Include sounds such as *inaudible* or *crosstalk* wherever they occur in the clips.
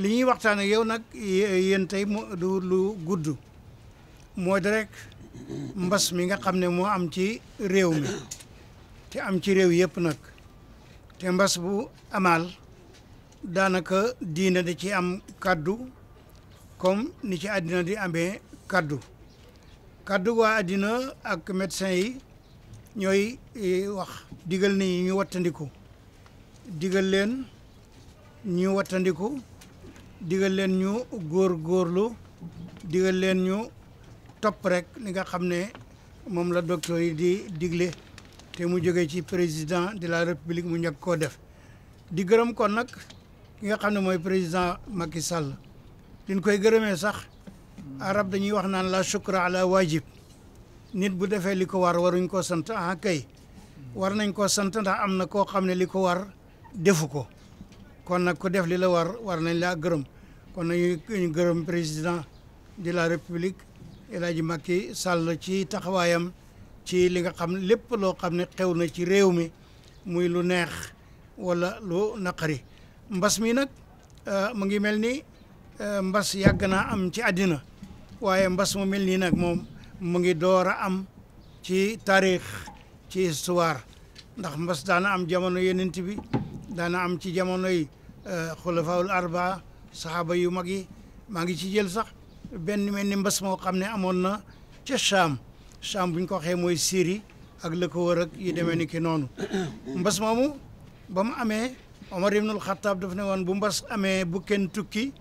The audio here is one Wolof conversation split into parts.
li ñuy waxtaan yow nag yéen mu du lu gudd mooy da rek mbas mi nga xam ne moo am ci réew mi te am ci réew yëpp nag te mbas bu amaal daanaka diina da ci am kaddu kom ni ci àddina di amee kaddu kaddu waa àddina ak médecin yi ñooy e, wax digal ni ñu wattandiku digal leen ñu wattandiku digal leen ñu góor góorlu digal leen ñu topp rek ni nga xam ne moom la docteur yi di digle te mu jógee ci président de la république mu njëkk koo def di gërëm kon nag ki nga xam ne mooy président Macky Sall diñ koy gërëmee sax arab dañuy wax naan la shukra ala wajib nit bu defee li ko war waruñ koo sant ah kay war nañ ko sant ndax am na koo xam ne li ko war defu ko kon nag ko def li la war war nañ laa gërëm kon nañu gërëm président de la république El Hadji Macky Sall ci taxawaayam ci li nga xam lépp loo xam ne xew na ci réew mi muy lu neex wala lu naqari mbas mi nag euh, mu ngi mel ni euh, mbas yàgg naa am ci àddina waaye mbas mu mel nii nag moom mu ngi door a am ci taarix ci histoire ndax mbas daana am jamono yenent bi daana am ci jamono yi eh, xulafaawul arba saxaaba yu mag yi maa ngi ci jël sax benn mel ni mbas moo xam ne amoon na ca Cham Cham bu ko waxee mooy Syrie ak la ko wër ak yi noonu *coughs* mbas moomu ba mu amee Omar ibnul Xattaab daf ne woon bu mbas amee bu kenn tukki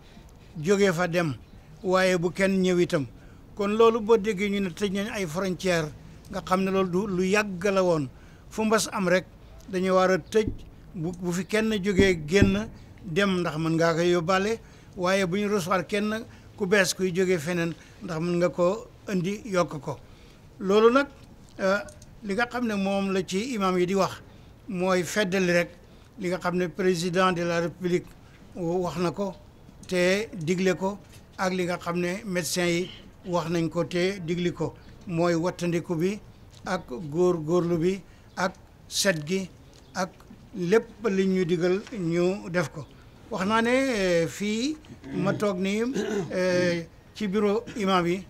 jóge fa dem waaye bu kenn ñëw itam kon loolu boo déggee ñu ne tëj nañ ay frontière nga xam ne loolu du lu yàgg woon fu mbas am rek dañu war a tëj bu bu fi kenn jógee génn dem ndax mën ngaa ko yóbbaale waaye bu ñu recevoir kenn ku bees kuy jógee feneen ndax mën nga ko indi yokk ko loolu nag euh, li nga xam ne moom la ci imam yi di wax mooy feddali rek li nga xam ne président de la république wax na ko te digle ko ak li nga xam ne médecin yi wax nañ ko te digli ko mooy wattandiku bi ak góor góorlu bi ak set gi ak lépp li ñu digal ñu def ko wax naa ne euh, fii ma toog nii euh, ci bureau imam yi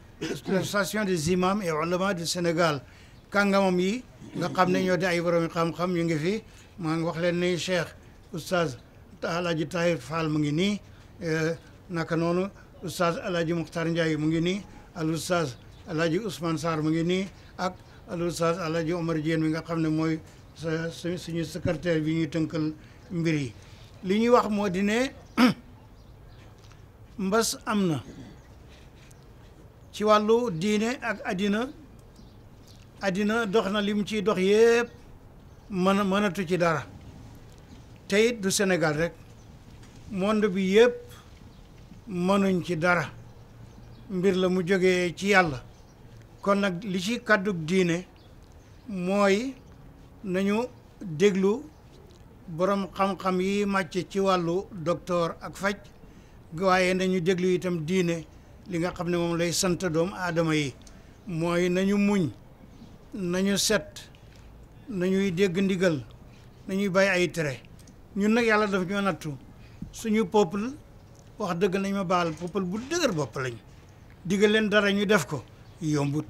l'association de imams et ulama du Sénégal kàngamam yi nga xam ne ñoo di ay borom xam-xam ñu ngi fi maa ngi wax leen ni cheikh oustaz alaaji Tahir Fall mu ngi nii euh, naka noonu oustaz alaaji Muxtar Ndiaye mu ngi nii al oustaz alaaji Ousmane Sarr mu ngi nii ak al oustaz alaaji Omar Diène mi nga xam ne mooy su suñu secrétaire bi ñuy tënkal mbir yi li ñuy wax moo di ne *clears throat* mbas am na ci wàllu diine ak àddina àddina dox na lim ciy dox yépp mën a mënatu ci dara tey du Sénégal rek monde bi yépp mënuñ ci dara mbir la mu jógee ci yàlla kon nag li ci kàddu diine mooy nañu déglu boroom xam-xam yi màcc ci wàllu docteur ak faj waaye nañu déglu itam diine li nga xam ne moom lay sant doom aadama yi mooy nañu muñ nañu set na ñuy dégg ndigal nañuy bàyyi ay tere ñun nag yàlla daf ñoo nattu suñu peuple wax dëgg nañ ma baal peuple bu dëgër bopp lañ digal leen dara ñu def ko yombut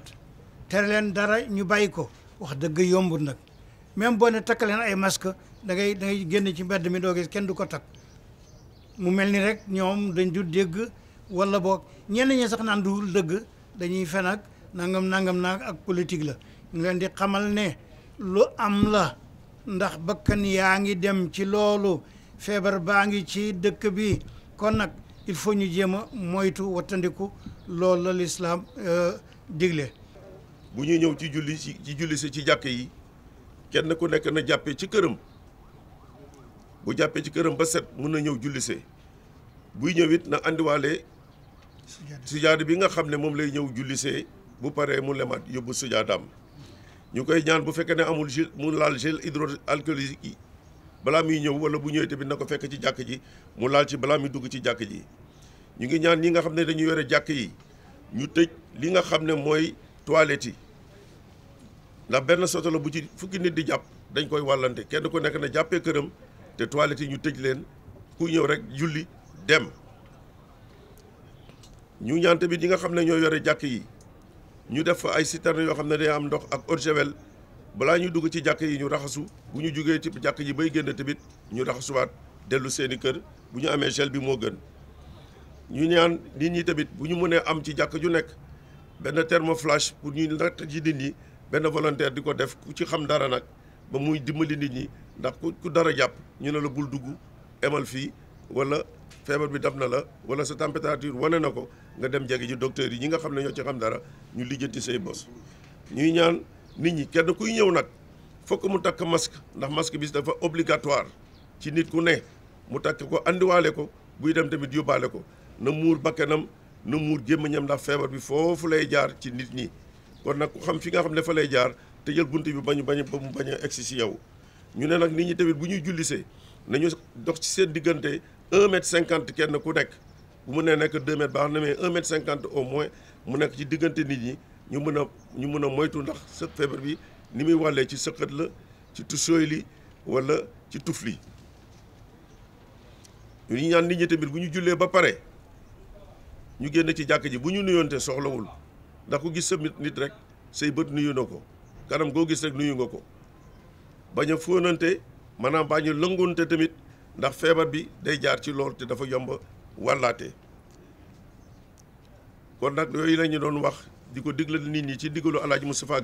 tere leen dara ñu bàyyi ko wax dëgg yombut nag même boo ne takk leen ay masque da ngay da génn ci mbedd mi doo gis kenn du ko takk mu mel ni rek ñoom dañ du dégg wala boog ñenn ñi sax naan duul dëgg dañuy fen ak nangam nangam naa ak politique la ñu leen di xamal ne lu am la ndax bakkan yaa ngi dem ci loolu feebar baa ngi ci dëkk bi kon nag il faut ñu jéem a moytu wattandiku loolu la lislaam euh, digle bu ñuy ñëw ci julli ci julli si ci jàkk yi kenn ku nekk na jàppee ci këram bu jàppee ci këram ba set mun na ñëw jullisee buy ñëwit it na andiwaale sujaada bi nga xam ne moom lay ñëw jullisee bu paree mu lemaat yóbbu sujaadaam ñu koy ñaan bu fekkee ne amul gel mu laal gel hydroalcoolique yi balaa muy ñëw wala bu ñëwee tamit na ko fekk ci jàkk ji mu laal ci balaa muy dugg ci jàkk ji ñu ngi ñaan ñi nga xam ne dañu yore jàkk yi ñu tëj li nga xam ne mooy toilette ndax benn soto la bu ci fukki nit di jàpp dañ koy wàllante kenn ko nekk na jàppee këram te toilette yi ñu tëj leen ku ñëw rek julli dem ñu ñaan tamit yi nga xam ne ñoo yore jàkk yi ñu def fa ay citerne yoo xam ne day am ndox ak eau balaa ñu dugg ci jàkk yi ñu raxasu bu ñu jógee ci jàkk yi bay génn tamit ñu raxasuwaat dellu seeni kër bu ñu amee gel bi moo gën ñu ñaan nit ñi tamit bu ñu mënee am ci jàkk ju nekk benn thermoflash pour ñu natt ci benn volontaire di ko def ku ci xam dara nag ba muy dimbali nit ñi ndax ku ku dara jàpp ñu ne la bul dugg emal fii wala feebar bi daf na la wala sa température wane na ko nga dem jege ji docteur yi ñi nga xam ne ñoo ci xam dara ñu lijjanti say bos. ñuy ñaan nit ñi kenn kuy ñëw nag fokk mu takk masque ndax masque bi dafa obligatoire ci nit ku ne mu takk ko indiwaale ko buy dem tamit yóbbaale ko na muur bakkanam na muur gémmiñam ndax feebar bi foofu lay jaar ci nit ñi. kon nag ku xam fi nga xam ne fa lay jaar tëjal bunt bi bañu bañ ba mu bañ a egsi si yow ñu ne nag nit ñi tamit bu ñuy jullisee nañu dox ci seen diggante un mètre cinquante kenn ku nekk bu mu nee nekk deux mètres baax na mais un mètre cinquante au moins mu nekk ci diggante nit ñi ñu mën a ñu mën a moytu ndax sa feebar bi ni muy wàllee ci sëqët la ci tusooy li wala ci tuf li ñu ñaan nit ñi tamit bu ñu jullee ba pare ñu génn ci jàkk ji bu ñu nuyoonte soxlawul ndax ku gis sa nit rek say bët nuyu na ko kanam goo gis rek nuyu nga ko bañ fonante fóonante maanaam bañ lëngunte tamit ndax feebar bi day jaar ci lool te dafa yomb wàllaate kon nag yooyu la ñu doon wax di ko diglal nit ñi ci diggalu Alaaji Moustapha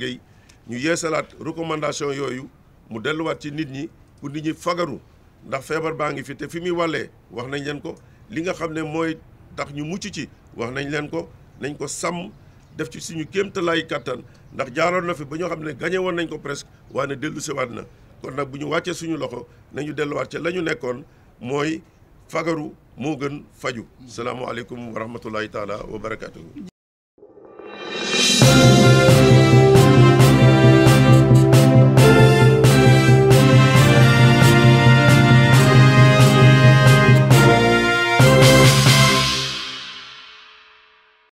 ñu yeesalaat recommandation yooyu mu delluwaat ci nit ñi pour nit ñi fagaru ndax feebar baa ngi fi te fi muy wàllee wax nañ leen ko li nga xam ne mooy tax ñu mucc ci wax nañ leen ko nañ ko sàmm def ci suñu kéemtalaay kàttan ndax jaaroon na fi ba ñoo xam ne gañe woon nañ ko presque waaye dellu siwaat na kon nag bu ñu wàccee suñu loxo nañu delluwaat ca la ñu nekkoon mooy fagaru moo gën faju salaamaaleykum wa rahmatullahi taala wa barakaatu.